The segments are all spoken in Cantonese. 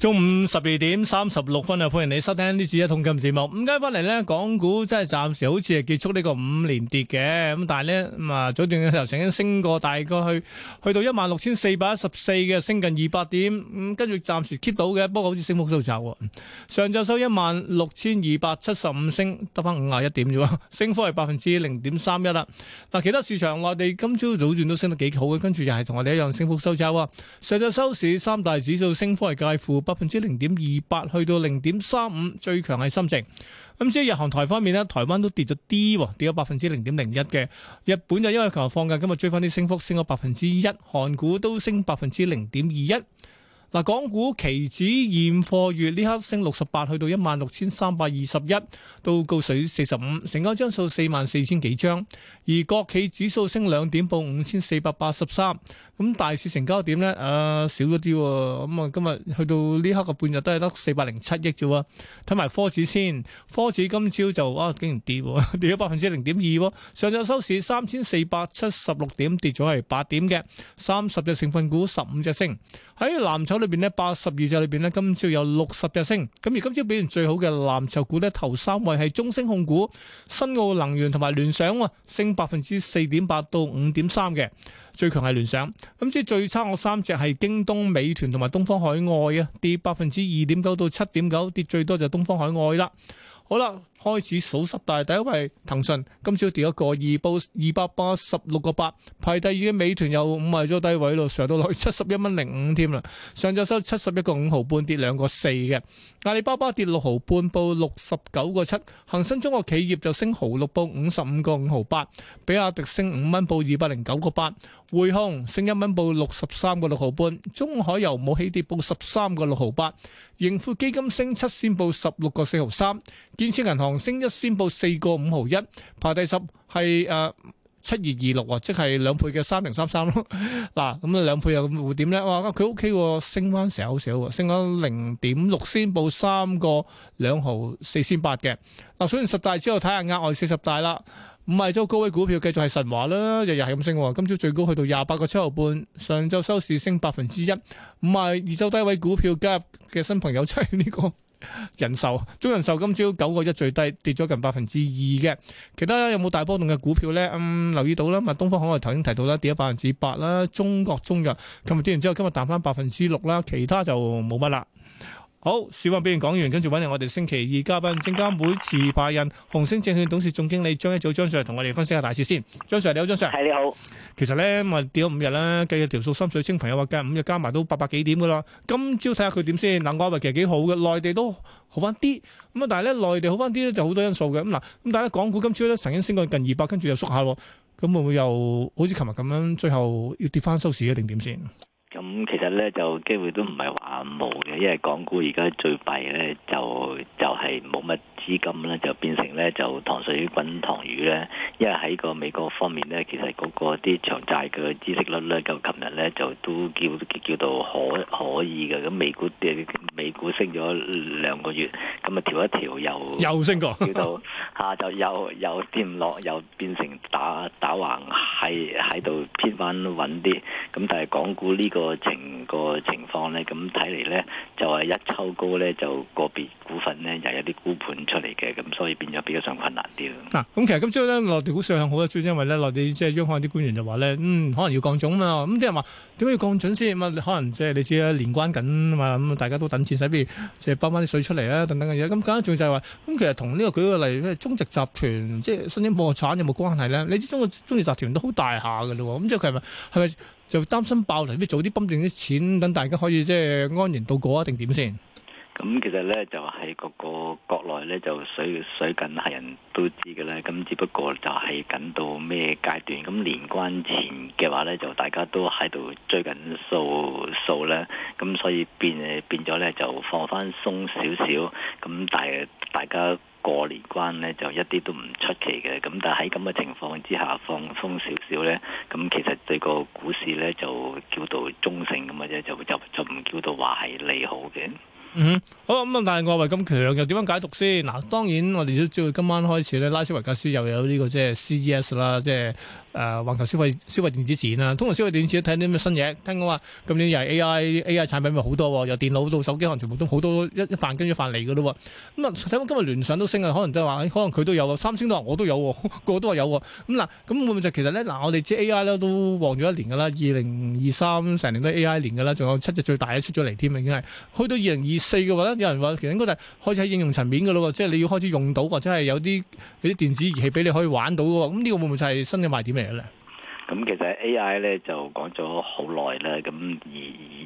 中午十二點三十六分啊！歡迎你收聽呢次一通金節目。咁解翻嚟咧，港股真係暫時好似係結束呢個五連跌嘅。咁但係咧，咁啊早段又曾經升過，大概去去到一萬六千四百一十四嘅，升近二百點。咁跟住暫時 keep 到嘅，不過好似升幅收窄。上晝收一萬六千二百七十五，升得翻五十一點啫嘛，升幅係百分之零點三一啦。嗱，其他市場內地今朝早段都升得幾好嘅，跟住又係同我哋一樣升幅收窄啊。上晝收市三大指數升幅係介乎。百分之零點二八去到零點三五，最強係深證。咁、嗯、至於日韓台方面呢，台灣都跌咗啲，跌咗百分之零點零一嘅。日本就因為琴日放假，今日追翻啲升幅，升咗百分之一。韓股都升百分之零點二一。嗱，港股期指現貨月呢刻升六十八，去到一萬六千三百二十一，到高水四十五，成交張數四萬四千幾張。而國企指數升兩點，報五千四百八十三。咁大市成交點呢啊、呃、少咗啲，咁啊今日去到呢刻嘅半日都係得四百零七億啫。睇埋科指先，科指今朝就啊竟然跌，跌咗百分之零點二喎。上晝收市三千四百七十六點，跌咗係八點嘅，三十隻成分股十五隻升，喺藍籌。裏邊咧，八十二隻裏邊咧，今朝有六十隻升，咁而今朝表現最好嘅藍籌股咧，頭三位係中升控股、新奧能源同埋聯想啊，升百分之四點八到五點三嘅，最強係聯想。咁即係最差嗰三隻係京東、美團同埋東方海外啊，跌百分之二點九到七點九，跌最多就係東方海外啦。好啦。開始數十大，第一位騰訊今朝跌一個二，報二百八十六個八，排第二嘅美團又五位咗低位咯，上到落去七十一蚊零五添啦。上晝收七十一個五毫半，跌兩個四嘅。阿里巴巴跌六毫半，報六十九個七。恒生中國企業就升毫六，報五十五個五毫八，比亞迪升五蚊，報二百零九個八。匯控升一蚊，報六十三個六毫半。中海油冇起跌，報十三個六毫八。盈富基金升七仙，報十六個四毫三。建設銀行升一先報四個五毫一，排第十係誒七二二六啊，即係兩倍嘅三零三三咯。嗱，咁啊兩倍又會點咧？哇，佢 O K 喎，升翻成好少喎，升翻零點六先報三個兩毫四先八嘅。嗱、啊，數完十大之後睇下額外四十大啦。五十二周高位股票繼續係神華啦，日日係咁升。啊、今朝最高去到廿八個七毫半，上晝收市升百分之一。五十二周低位股票加入嘅新朋友出係呢個。人壽中人壽今朝九個一最低跌咗近百分之二嘅，其他有冇大波動嘅股票咧？嗯，留意到啦，咪東方海外頭先提到啦，跌咗百分之八啦，中國中藥琴日跌完之後今日彈翻百分之六啦，其他就冇乜啦。好，小話俾人講完，跟住揾嚟，我哋星期二嘉賓，證監會持牌人、紅星證券董事總經理張益祖張 Sir 同我哋分析下大市先。張 Sir 你好，張 Sir 係你好。其實咧，咪跌咗五日啦，計咗條數心水清朋友話計五日加埋都八百幾點噶啦。今朝睇下佢點先。冷瓜話其實幾好嘅，內地都好翻啲。咁啊，但係咧內地好翻啲咧，就好多因素嘅。咁嗱，咁但係咧港股今朝咧曾經升過近二百，跟住又縮下咯。咁會唔會又好似琴日咁樣，最後要跌翻收市啊？定點先？咁、嗯、其實咧就機會都唔係話冇嘅，因為港股而家最弊咧就就係冇乜資金咧，就變成咧就糖水滾湯丸咧。因為喺個美國方面咧，其實嗰、那個啲長債嘅孳息率咧，就琴日咧就都叫叫做可可以嘅。咁美股跌，美股升咗兩個月，咁啊調一調又又升過下又，叫做下晝又又跌唔落，又變成打打橫喺喺度偏返穩啲。咁但係港股呢、這個。個情個情況咧，咁睇嚟咧就係一抽高咧，就個別股份咧又有啲沽盤出嚟嘅，咁所以變咗比較上困難啲。嗱，咁其實今朝後咧，內地股上向好咧，主要因為咧內地即係央行啲官員就話咧，嗯，可能要降準啊，咁啲人話點解要降準先？咁可能即係你知啦，年關緊啊嘛，咁大家都等錢使，不如即係包翻啲水出嚟啦，等等嘅嘢。咁更加重要就係話，咁其實同呢個舉個例，即係中植集團，即係申請破產有冇關係咧？你知中國中植集團都好大下噶啦，咁、嗯、即係佢係咪？是就擔心爆雷，不如早啲揼定啲錢，等大家可以即係安然度過啊，定點先？咁其實咧就係、是、各個國內咧就水水緊係人都知嘅啦，咁只不過就係緊到咩階段？咁年關前嘅話咧，就大家都喺度追緊數數咧，咁所以變變咗咧就放翻鬆少少，咁大大家過年關咧就一啲都唔出奇嘅。咁但係喺咁嘅情況之下放鬆少少咧，咁其實對個股市咧就叫做中性咁嘅啫，就就就唔叫做話係利好嘅。嗯，好啊，咁啊，但係外圍咁強又點樣解讀先？嗱，當然我哋都知道今晚開始咧，拉斯維加斯又有呢、這個即係 CES 啦，即係誒、呃、環球消費消費電子展啊，通常消費電子睇啲咩新嘢？聽講話今年又係 AI AI 產品咪好多喎，由電腦到手機可能全部都好多一一塊跟住一塊嚟嘅咯喎。咁、嗯、啊，睇翻今日聯想都升啊，可能都係話，可能佢都有，三星都話我都有呵呵，個個都話有喎。咁、嗯、嗱，咁會唔會就其實咧嗱，我哋知 AI 咧都旺咗一年嘅啦，二零二三成年都 AI 年嘅啦，仲有七隻最大嘅出咗嚟添啊，已經係去到二零二四嘅話咧，有人話其實應該就係開始喺應用層面嘅咯，即係你要開始用到或者係有啲有啲電子儀器俾你可以玩到嘅喎，咁呢個會唔會就係新嘅賣點嚟嘅咧？咁其實 AI 咧就講咗好耐啦，咁而。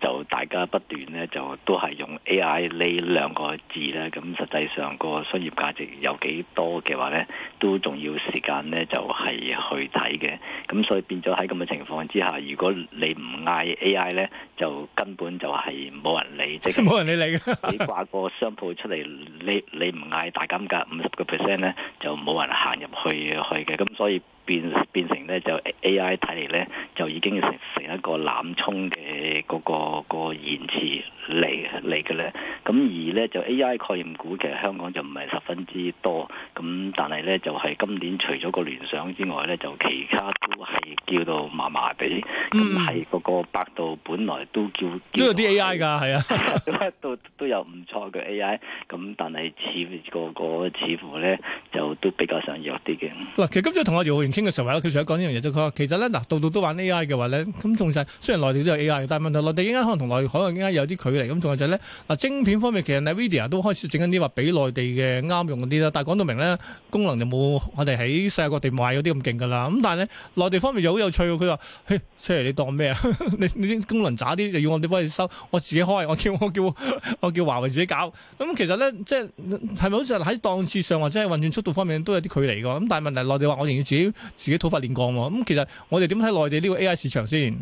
就大家不斷呢就都係用 AI 呢兩個字呢，咁實際上個商業價值有幾多嘅話呢都仲要時間呢就係、是、去睇嘅。咁所以變咗喺咁嘅情況之下，如果你唔嗌 AI 呢，就根本就係冇人理。 即冇人理你嘅，你掛個商鋪出嚟，你你唔嗌大減價五十個 percent 呢，就冇人行入去去嘅。咁所以。變變成咧就 A I 睇嚟咧就已經成成一個攬衝嘅嗰個、嗰個延遲嚟嚟嘅咧，咁而咧就 A I 概念股其實香港就唔係十分之多，咁但係咧就係、係、今年除咗個聯想之外咧，就其他都係叫到麻麻地，咁係嗰個百度本來都叫都有啲 A I 㗎，係啊，都 都有唔錯嘅 A I，咁但係似，似乎個個似乎咧就都比較想弱啲嘅。嗱，其實今朝同阿姚。傾嘅時候，佢想講呢樣嘢，就佢話其實咧，嗱度度都玩 AI 嘅話咧，咁仲就係雖然內地都有 AI，但問題內地應該可能同內海嘅應該有啲距離。咁仲有就係咧，嗱晶片方面，其實 NVIDIA 都開始整緊啲話俾內地嘅啱用嗰啲啦。但講到明咧，功能就冇我哋喺世界各地買嗰啲咁勁噶啦。咁但係咧，內地方面又好有趣，佢話：嘿，雖然你當咩啊， 你啲功能渣啲，就要我哋幫你收，我自己開，我叫我叫我叫，我叫華為自己搞。咁其實咧，即係係咪好似喺檔次上或者係運轉速度方面都有啲距離㗎？咁但係問題內地話我仍然自己。自己土法煉鋼喎，咁其實我哋點睇內地呢個 AI 市場先？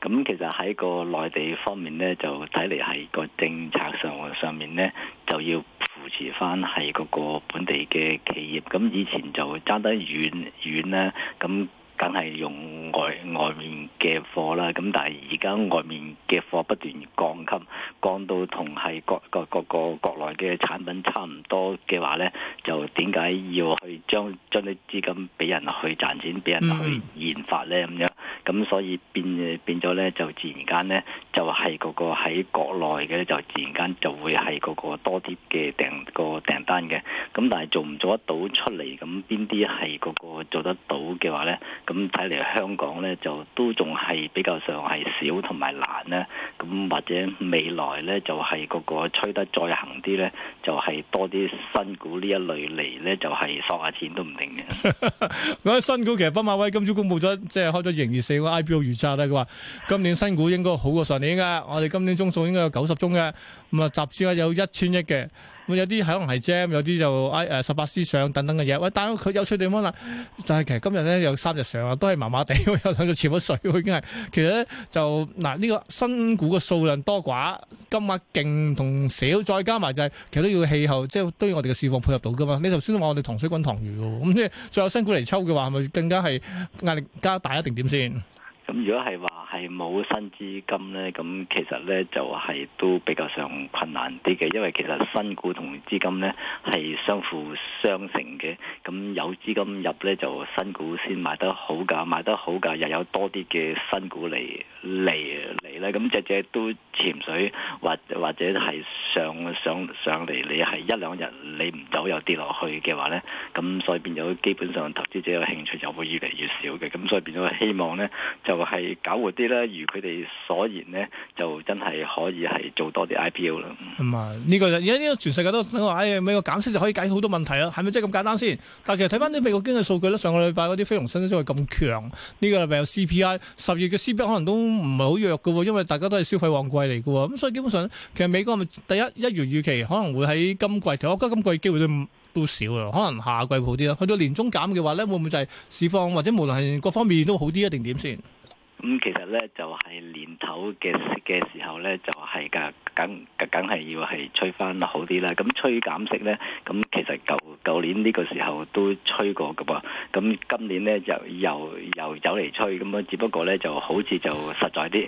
咁其實喺個內地方面咧，就睇嚟係個政策上上面咧，就要扶持返係嗰個本地嘅企業。咁以前就爭得遠遠啦。咁。梗係用外外面嘅貨啦，咁但係而家外面嘅貨不斷降級，降到同係各各各個國內嘅產品差唔多嘅話咧，就點解要去將將啲資金俾人去賺錢，俾人去研發咧咁樣。咁所以變變咗咧，就自然間咧就係嗰個喺國內嘅就自然間就會係嗰個多啲嘅訂個訂單嘅。咁但係做唔做得到出嚟？咁邊啲係嗰個做得到嘅話咧？咁睇嚟香港咧就都仲係比較上係少同埋難咧。咁或者未來咧就係嗰個吹得再行啲咧，就係多啲新股呢一類嚟咧，就係索下錢都唔定嘅。我啲 新股其實北馬威今朝公布咗，即係開咗營業。你個 IPO 預測咧，佢話今年新股應該好過上年嘅。我哋今年宗數應該有九十宗嘅，咁啊集資額有一千億嘅。嗯、有啲可能係 Gem，有啲就 I 誒、啊呃、十八 C 上等等嘅嘢。喂，但佢有趣地方啦，就係其實今日咧有三隻上 日 啊，都係麻麻地，有兩隻潛咗水，已經係其實咧就嗱呢個新股嘅數量多寡、金額勁同少，再加埋就係、是、其實都要氣候，即係都要我哋嘅市況配合到噶嘛。你頭先都話我哋糖水滾糖魚喎，咁、嗯、即係再有新股嚟抽嘅話，係咪更加係壓力加大一點點先？咁如果係話係冇新資金呢，咁其實呢就係、是、都比較上困難啲嘅，因為其實新股同資金呢係相輔相成嘅。咁有資金入呢，就新股先賣得好㗎，賣得好㗎，又有多啲嘅新股嚟嚟嚟呢。咁只只都潛水，或或者係上上上嚟，你係一兩日你唔走又跌落去嘅話呢，咁所以變咗基本上投資者嘅興趣就會越嚟越少嘅。咁所以變咗希望呢。就～係搞活啲啦。如佢哋所言呢，就真係可以係做多啲 IPO 啦。唔啊，呢個而家呢個全世界都想話、哎，美國減息就可以解決好多問題啦，係咪真係咁簡單先？但係其實睇翻啲美國經濟數據咧，上個禮拜嗰啲非農新息係咁強，呢、這個禮拜有 CPI，十月嘅 CPI 可能都唔係好弱嘅喎，因為大家都係消費旺季嚟嘅喎，咁所以基本上其實美國咪第一一月預期可能會喺今季，我覺得今季機會都都少咯，可能下季會好啲啦。去到年中減嘅話呢，會唔會就係市況或者無論係各方面都好啲一定點先？咁、嗯、其實咧就係、是、年頭嘅嘅時候咧就係、是、㗎，梗梗係要係吹返好啲啦。咁、嗯、吹減息咧，咁其實舊舊年呢個時候都吹過噶噃。咁、嗯、今年咧就又又走嚟吹，咁樣只不過咧就好似就實在啲，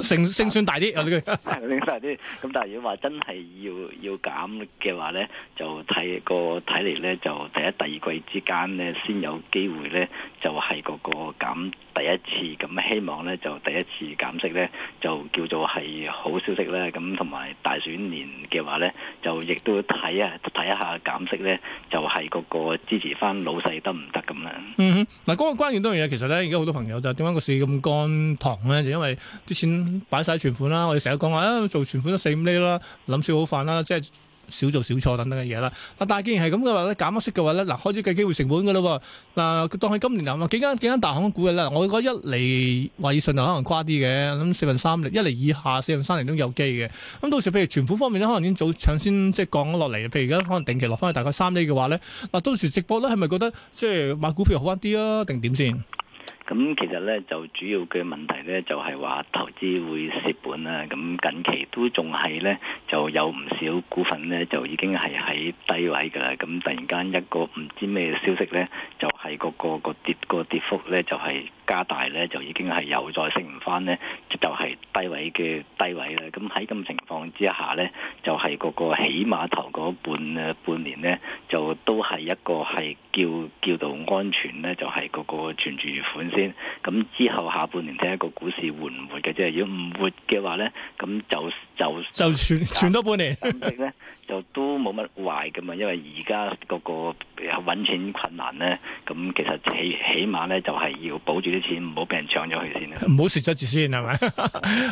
勝勝算大啲，勝算大啲。咁但係如果話真係要要減嘅話咧，就睇個睇嚟咧就第一第二季之間咧先有機會咧就係、是、個個減第一次，咁希望。咧就第一次減息咧就叫做係好消息啦，咁同埋大選年嘅話咧就亦都睇啊睇一下減息咧就係、是、嗰個支持翻老細得唔得咁啦。嗯哼，嗱、那、嗰個關鍵當然係，其實咧而家好多朋友就點解個市咁乾堂咧？就因為啲錢擺晒存款啦，我哋成日講話啊做存款都四五厘啦，諗少好飯啦，即係。少做少錯等等嘅嘢啦，嗱但係既然係咁嘅話咧，減息嘅話咧，嗱開始計機會成本噶啦，嗱當喺今年嚟話幾間幾間大行股嘅啦，我覺得一厘話以順就可能誇啲嘅，咁四分三釐一釐以下四分三釐都有機嘅，咁到時譬如存款方面咧，可能已經早搶先即係降咗落嚟，譬如而家可能定期落翻去大概三厘嘅話咧，嗱到時直播咧係咪覺得即係買股票好一啲啊，定點先？咁其實咧，就主要嘅問題咧，就係話投資會蝕本啦。咁近期都仲係咧，就有唔少股份咧，就已經係喺低位噶啦。咁突然間一個唔知咩消息咧，就～係個個個跌、那個跌幅咧，就係、是、加大咧，就已經係又再升唔翻咧，就係、是、低位嘅低位啦。咁喺咁情況之下咧，就係、是、個個起碼頭嗰半誒半年咧，就都係一個係叫叫到安全咧，就係、是、個個存住款先。咁之後下半年睇一個股市活唔活嘅啫。如果唔活嘅話咧，咁就就就存存多半年。 都冇乜壞㗎嘛，因為而家個個搵錢困難咧，咁其實起起碼咧就係要保住啲錢，唔好俾人搶咗佢先啦，唔好蝕咗住先係咪？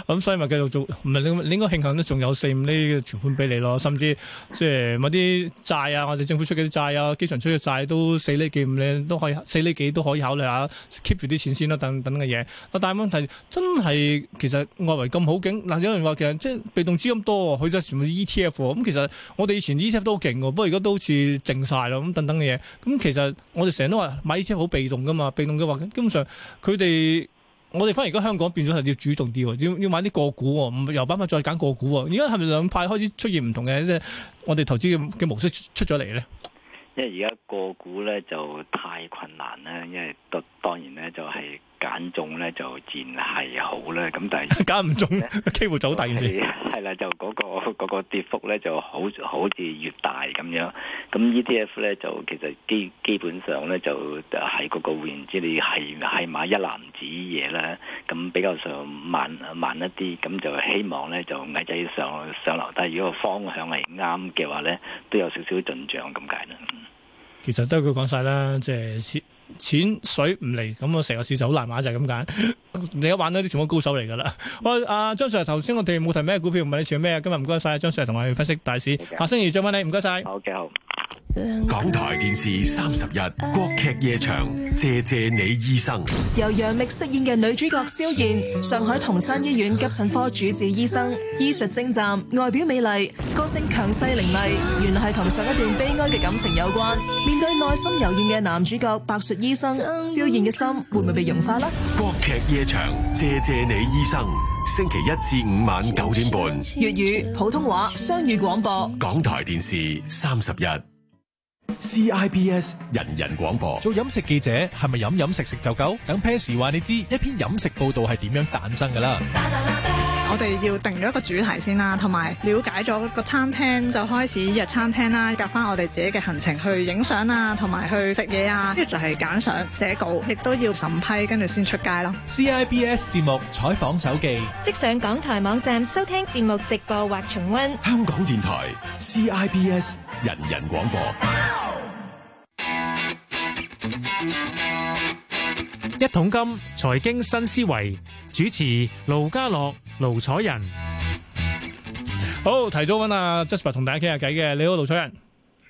咁所以咪繼續做，唔係你你應該慶幸都仲有四五呢厘存款俾你咯，甚至即係買啲債啊，我哋政府出嘅啲債啊，機場出嘅債都四厘幾五厘，都可以四厘幾都可以考慮下 keep 住啲錢先啦，等等嘅嘢。但係問題真係其實外圍咁好景，嗱有人話其實即係被動資咁多，佢就全部 E T F，咁其實。我哋以前 ETF 都，都好勁嘅，不過而家都好似靜晒啦，咁等等嘅嘢。咁其實我哋成日都話買 ETF 好被動嘅嘛，被動嘅話基本上佢哋我哋翻而家香港變咗係要主動啲，要要買啲個股，唔由巴菲特再揀個股。而家係咪兩派開始出現唔同嘅即係我哋投資嘅模式出咗嚟咧？呢因為而家個股咧就太困難咧，因為當然咧就係、是。揀中咧就自然係好咧，咁但係揀唔中咧，幾乎走大件事。係啦，就嗰個個跌幅咧就好好似越大咁樣。咁 E T F 咧就其實基基本上咧就係嗰個，換言之你係大買 一籃子嘢啦。咁比較上慢慢一啲，咁就希望咧就矮仔上上樓梯。但如果方向係啱嘅話咧，都有少少進賬咁解啦。其實都係佢講晒啦，即係錢水唔嚟，咁我成個市場就好難玩，就係咁解。你 而家玩到啲全部高手嚟㗎啦。喂，阿張 Sir，頭先我哋冇提咩股票，唔問你似咩啊？今日唔該晒，張 Sir 同我哋分析大市。Okay. 下星期再問你，唔該晒。Okay, okay, okay. 港台電視三十日國劇夜場，謝謝你醫生。由楊冪飾演嘅女主角蕭燕，上海同山醫院急診科主治醫生，醫術精湛，外表美麗，個性強勢凌厲。原來係同上一段悲哀嘅感情有關。面對內心柔軟嘅男主角白雪醫生，蕭燕嘅心會唔會被融化呢？國劇夜場，謝謝你醫生。星期一至五晚九點半，粵語、普通話雙語廣播。港台電視三十日。CIBS，人人廣播，做飲食記者係咪飲飲食食就夠？等 Pash 話你知一篇飲食報道係點樣誕生噶啦？ 我哋要定咗一個主題先啦，同埋了解咗個餐廳，就開始約餐廳啦，夾翻我哋自己嘅行程去影相啊，同埋去食嘢啊。跟住就係揀相寫稿，亦都要審批，跟住先出街咯。CIBS 節目採訪手記，即上港台網站收聽節目直播或重温。香港電台 CIBS 人人廣播。一桶金財經新思維主持盧家樂、盧楚仁，好提早搵阿 Jasper 同大家傾下偈嘅，你好盧楚仁，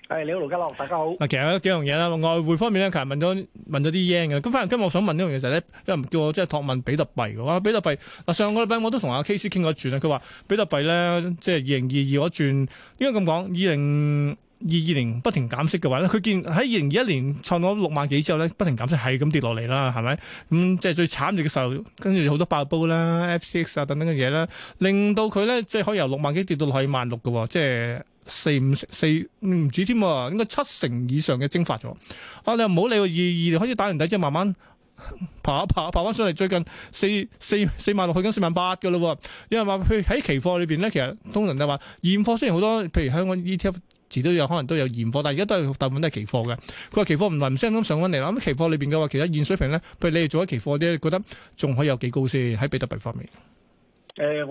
係你好盧家樂，大家好。嗱，其實有幾樣嘢啦，外匯方面咧，其實問咗問咗啲 yen 嘅，咁反而今日我想問呢樣嘢就係、是、咧，因為唔叫我即係託問比特幣嘅話，比特幣嗱上個禮拜我都同阿 K C 傾過一轉啦，佢話比特幣咧即係二零二二我轉，點解咁講？二零二二年不停減息嘅話咧，佢見喺二零二一年創咗六萬幾之後咧，不停減息係咁跌落嚟啦，係咪咁即係最慘嘅時候？跟住好多爆煲啦、F X 啊等等嘅嘢啦，令到佢咧即係可以由六萬幾跌到六萬六嘅，即係四五四唔止添、哦，應該七成以上嘅蒸發咗啊！你又唔好理個二二年開始打完底之後，慢慢爬一爬爬翻上嚟，最近四四四萬六去緊四萬八嘅咯。因為話佢，譬如喺期貨裏邊咧，其實通常就話現貨雖然好多，譬如香港 E T F。遲都有可能都有現貨，但係而家都係大部分都係期貨嘅。佢話期貨唔係唔升咁上翻嚟啦，咁期貨裏邊嘅話，其實現水平咧，譬如你哋做緊期貨啲，你覺得仲可以有幾高先？喺比特幣方面。誒、欸。